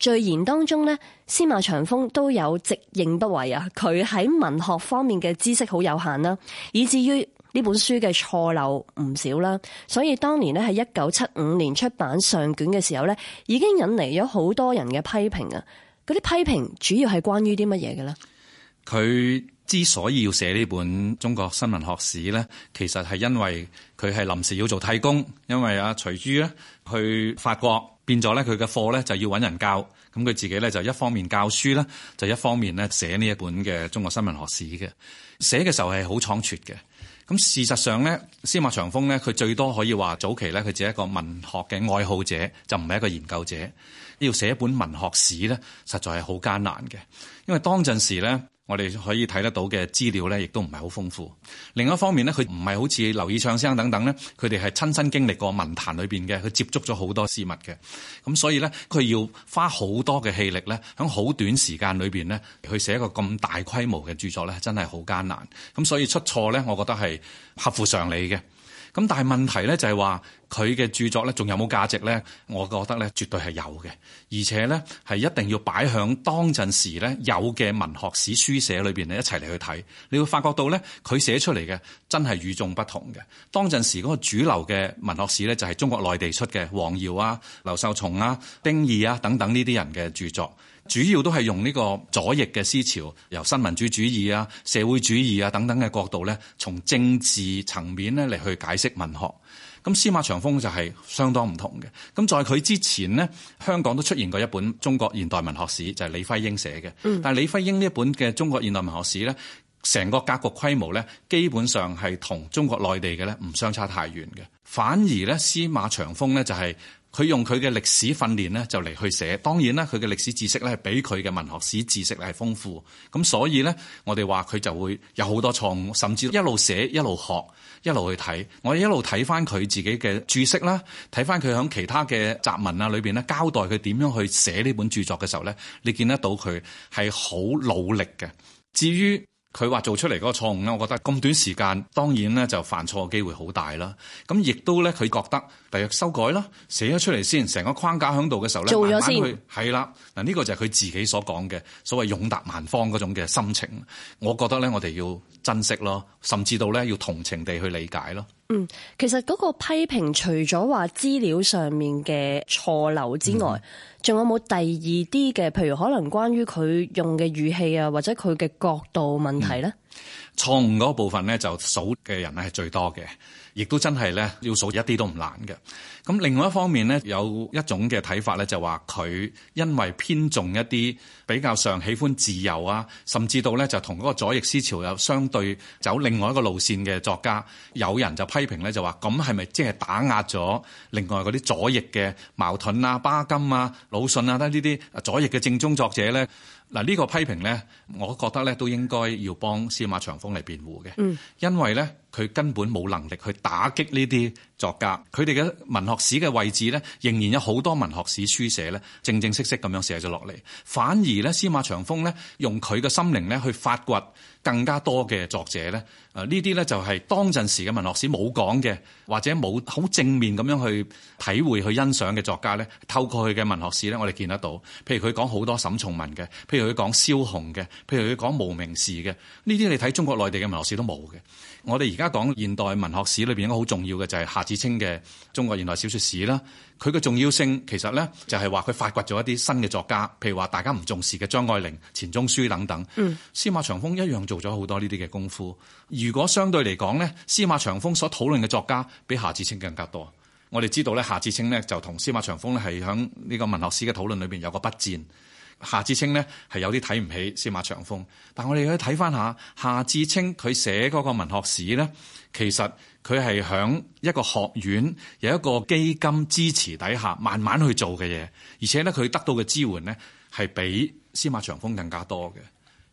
S4: 序言當中咧，司馬長風都有直認不諱啊，佢喺文學方面嘅知識好有限啦，以至於呢本書嘅錯漏唔少啦。所以當年咧喺一九七五年出版上卷嘅時候咧，已經引嚟咗好多人嘅批評啊。嗰啲批評主要係關於啲乜嘢嘅咧？
S5: 佢之所以要寫呢本《中國新文學史》咧，其實係因為佢係臨時要做替工，因為阿徐朱咧去法國，變咗咧佢嘅課咧就要揾人教，咁佢自己咧就一方面教書啦，就一方面咧寫呢一本嘅《中國新文學史》嘅，寫嘅時候係好倉促嘅。咁事實上咧，司馬長風咧，佢最多可以話早期咧，佢只係一個文學嘅愛好者，就唔係一個研究者。要寫一本文學史咧，實在係好艱難嘅，因為當陣時咧，我哋可以睇得到嘅資料咧，亦都唔係好豐富。另一方面咧，佢唔係好似劉以鬯先生等等咧，佢哋係親身經歷過文壇裏邊嘅，佢接觸咗好多事物嘅。咁所以咧，佢要花好多嘅氣力咧，喺好短時間裏邊咧，去寫一個咁大規模嘅著作咧，真係好艱難。咁所以出錯咧，我覺得係合乎常理嘅。咁但係問題咧，就係話佢嘅著作咧仲有冇價值咧？我覺得咧，絕對係有嘅，而且咧，係一定要擺響當陣時咧有嘅文學史書寫裏面嚟一齊嚟去睇，你會發覺到咧，佢寫出嚟嘅真係與眾不同嘅。當陣時嗰個主流嘅文學史咧，就係中國內地出嘅王瑤啊、劉秀松啊、丁義啊等等呢啲人嘅著作。主要都係用呢個左翼嘅思潮，由新民主主義啊、社會主義啊等等嘅角度咧，從政治層面咧嚟去解釋文學。咁司馬長風就係相當唔同嘅。咁在佢之前呢香港都出現過一本《中國現代文學史》，就係李輝英寫嘅。嗯。但係李輝英呢一本嘅《中國現代文學史》咧，成個格局規模咧，基本上係同中國內地嘅咧唔相差太遠嘅。反而咧，司馬長風咧就係。佢用佢嘅歷史訓練咧，就嚟去寫。當然啦，佢嘅歷史知識咧，比佢嘅文學史知識咧係豐富。咁所以咧，我哋話佢就會有好多錯誤，甚至一路寫一路學，一路去睇。我哋一路睇翻佢自己嘅注釋啦，睇翻佢喺其他嘅雜文啊裏面咧，交代佢點樣去寫呢本著作嘅時候咧，你見得到佢係好努力嘅。至於佢話做出嚟嗰個錯誤咧，我覺得咁短時間，當然咧就犯錯嘅機會好大啦。咁亦都咧，佢覺得。大約修改啦，寫咗出嚟先，成個框架喺度嘅時候咧，做咗先。係啦，嗱呢、這個就係佢自己所講嘅所謂勇達萬方嗰種嘅心情。我覺得咧，我哋要珍惜咯，甚至到咧要同情地去理解咯。
S4: 嗯，其實嗰個批評除咗話資料上面嘅錯漏之外，仲、嗯、有冇第二啲嘅？譬如可能關於佢用嘅語氣啊，或者佢嘅角度問題咧？
S5: 錯誤嗰部分咧，就數嘅人咧係最多嘅。亦都真係咧，要數一啲都唔難嘅。咁另外一方面呢，有一種嘅睇法呢，就話佢因為偏重一啲比較上喜歡自由啊，甚至到呢，就同嗰個左翼思潮有相對走另外一個路線嘅作家，有人就批評呢，就話咁係咪即係打壓咗另外嗰啲左翼嘅矛盾啊、巴金啊、魯迅啊，得呢啲左翼嘅正宗作者呢。嗱、這、呢個批評呢，我覺得呢，都應該要幫司馬長風嚟辯護嘅，嗯、因為呢，佢根本冇能力去打擊呢啲。作家佢哋嘅文學史嘅位置咧，仍然有好多文學史書寫咧，正正式式咁樣寫咗落嚟。反而咧，司馬長風咧，用佢嘅心靈咧去發掘更加多嘅作者咧。啊！呢啲咧就係當陣時嘅文學史冇講嘅，或者冇好正面咁樣去體會、去欣賞嘅作家咧，透過佢嘅文學史咧，我哋見得到。譬如佢講好多沈從文嘅，譬如佢講蕭紅嘅，譬如佢講，講無名氏嘅，呢啲你睇中國內地嘅文學史都冇嘅。我哋而家講現代文學史裏邊應該好重要嘅就係夏志清嘅《中國現代小説史》啦。佢嘅重要性其實呢，就係話佢發掘咗一啲新嘅作家，譬如話大家唔重視嘅張愛玲、錢鍾書等等。嗯，司馬長風一樣做咗好多呢啲嘅功夫。如果相對嚟講呢，司馬長風所討論嘅作家比夏志清更加多。我哋知道呢，夏志清呢就同司馬長風呢係響呢個文學史嘅討論裏面有個筆戰。夏志清呢，係有啲睇唔起司馬長風，但我哋可以睇翻下夏志清佢寫嗰個文學史呢。其實佢係響一個學院有一個基金支持底下慢慢去做嘅嘢，而且呢，佢得到嘅支援呢，係比司馬長風更加多嘅。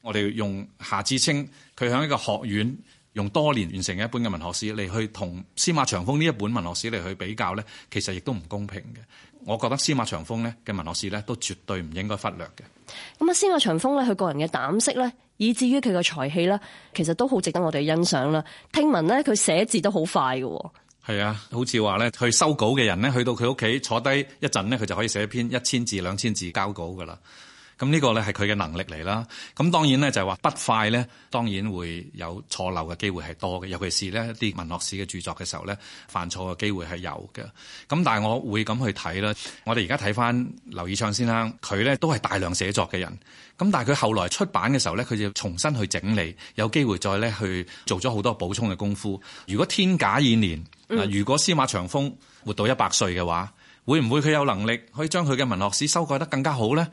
S5: 我哋用夏志清佢響一個學院用多年完成嘅一本嘅文學史嚟去同司馬長風呢一本文學史嚟去比較呢，其實亦都唔公平嘅。我覺得司馬長風咧嘅文學史咧都絕對唔應該忽略嘅。
S4: 咁啊，司馬長風咧，佢個人嘅膽色咧，以至於佢嘅才氣咧，其實都好值得我哋欣賞啦。聽聞咧，佢寫字都好快㗎。
S5: 係啊，好似話咧，去收稿嘅人咧，去到佢屋企坐低一陣咧，佢就可以寫一篇一千字、兩千字交稿㗎啦。咁呢個呢，係佢嘅能力嚟啦。咁當然呢，就係話不快呢，當然會有錯漏嘅機會係多嘅。尤其是呢一啲文學史嘅著作嘅時候呢，犯錯嘅機會係有嘅。咁但係我會咁去睇啦。我哋而家睇翻劉以鬯先生，佢呢都係大量寫作嘅人。咁但係佢後來出版嘅時候呢，佢就重新去整理，有機會再呢去做咗好多補充嘅功夫。如果天假以年，嗱、嗯，如果司馬長風活到一百歲嘅話，會唔會佢有能力可以將佢嘅文學史修改得更加好呢？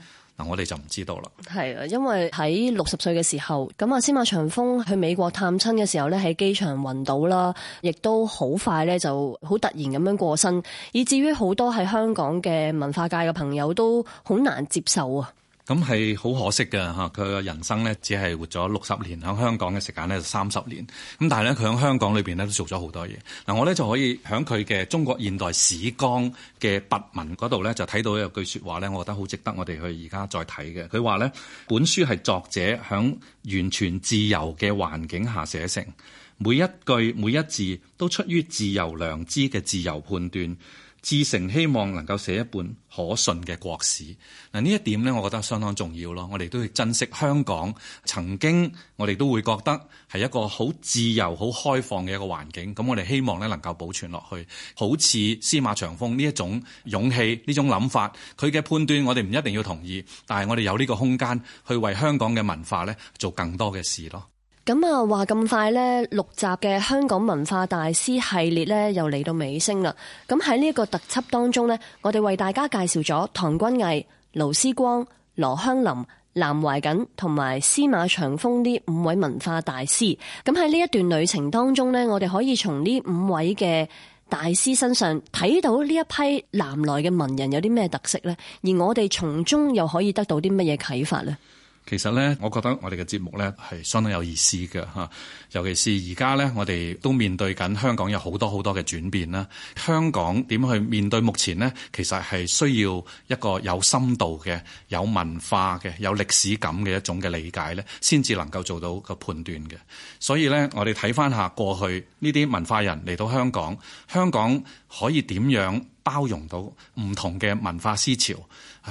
S5: 我哋就唔知道啦。
S4: 係啊，因為喺六十歲嘅時候，咁啊，司馬長風去美國探親嘅時候咧，喺機場暈倒啦，亦都好快咧就好突然咁樣過身，以至於好多喺香港嘅文化界嘅朋友都好難接受啊。
S5: 咁係好可惜嘅吓，佢嘅人生呢，只係活咗六十年，喺香港嘅時間呢就三十年。咁但係咧，佢喺香港裏邊呢都做咗好多嘢。嗱，我呢就可以喺佢嘅《中國現代史綱》嘅跋文嗰度呢，就睇到有句說話呢：「我覺得好值得我哋去而家再睇嘅。佢話呢，本書係作者喺完全自由嘅環境下寫成，每一句每一字都出於自由良知嘅自由判斷。至誠希望能夠寫一本可信嘅國史，嗱，呢一點咧，我覺得相當重要咯。我哋都要珍惜香港曾經，我哋都會覺得係一個好自由、好開放嘅一個環境。咁我哋希望咧能夠保存落去，好似司馬長風呢一種勇氣、呢種諗法，佢嘅判斷，我哋唔一定要同意，但係我哋有呢個空間去為香港嘅文化咧做更多嘅事咯。
S4: 咁啊，話咁快呢，六集嘅香港文化大師系列呢，又嚟到尾聲啦。咁喺呢一個特輯當中呢，我哋為大家介紹咗唐君毅、盧思光、羅香林、南懷瑾同埋司馬長風呢五位文化大師。咁喺呢一段旅程當中呢，我哋可以從呢五位嘅大師身上睇到呢一批南來嘅文人有啲咩特色呢？而我哋從中又可以得到啲乜嘢啟發呢？
S5: 其實呢，我覺得我哋嘅節目呢，係相當有意思嘅嚇，尤其是而家呢，我哋都面對緊香港有好多好多嘅轉變啦。香港點去面對目前呢？其實係需要一個有深度嘅、有文化嘅、有歷史感嘅一種嘅理解呢，先至能夠做到個判斷嘅。所以呢，我哋睇翻下過去呢啲文化人嚟到香港，香港可以點樣包容到唔同嘅文化思潮？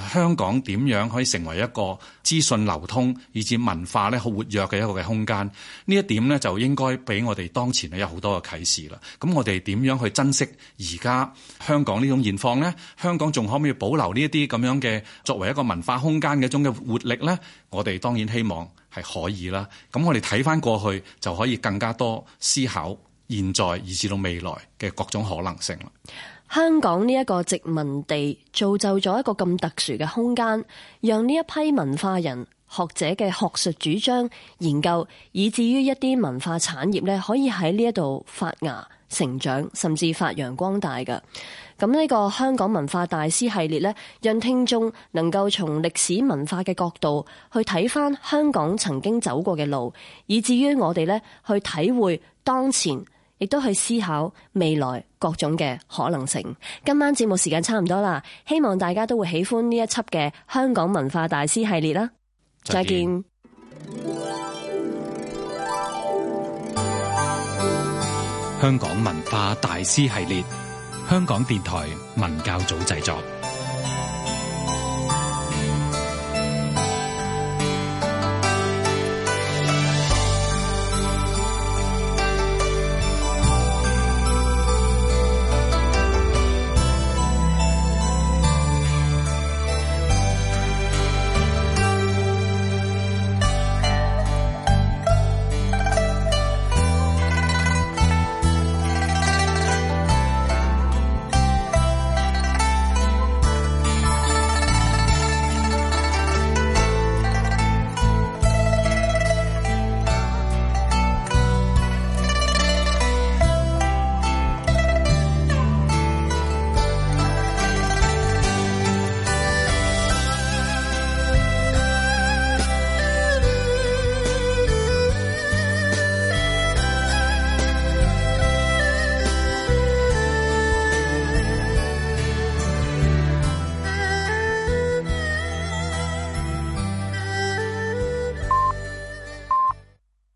S5: 香港點樣可以成為一個資訊流通，以至文化咧好活躍嘅一個嘅空間？呢一點呢，就應該俾我哋當前咧有好多嘅啟示啦。咁我哋點樣去珍惜而家香港呢種現況呢？香港仲可唔可以保留呢一啲咁樣嘅作為一個文化空間嘅一種嘅活力呢？我哋當然希望係可以啦。咁我哋睇翻過去就可以更加多思考現在，以至到未來嘅各種可能性啦。
S4: 香港呢一個殖民地造就咗一個咁特殊嘅空間，讓呢一批文化人、學者嘅學術主張、研究，以至於一啲文化產業咧，可以喺呢一度發芽、成長，甚至發揚光大嘅。咁呢個香港文化大師系列咧，讓聽眾能夠從歷史文化嘅角度去睇翻香港曾經走過嘅路，以至於我哋咧去體會當前。亦都去思考未來各種嘅可能性。今晚節目時間差唔多啦，希望大家都會喜歡呢一輯嘅香港文化大師系列啦。再見！
S1: 香港文化大師系列，香港電台文教組製作。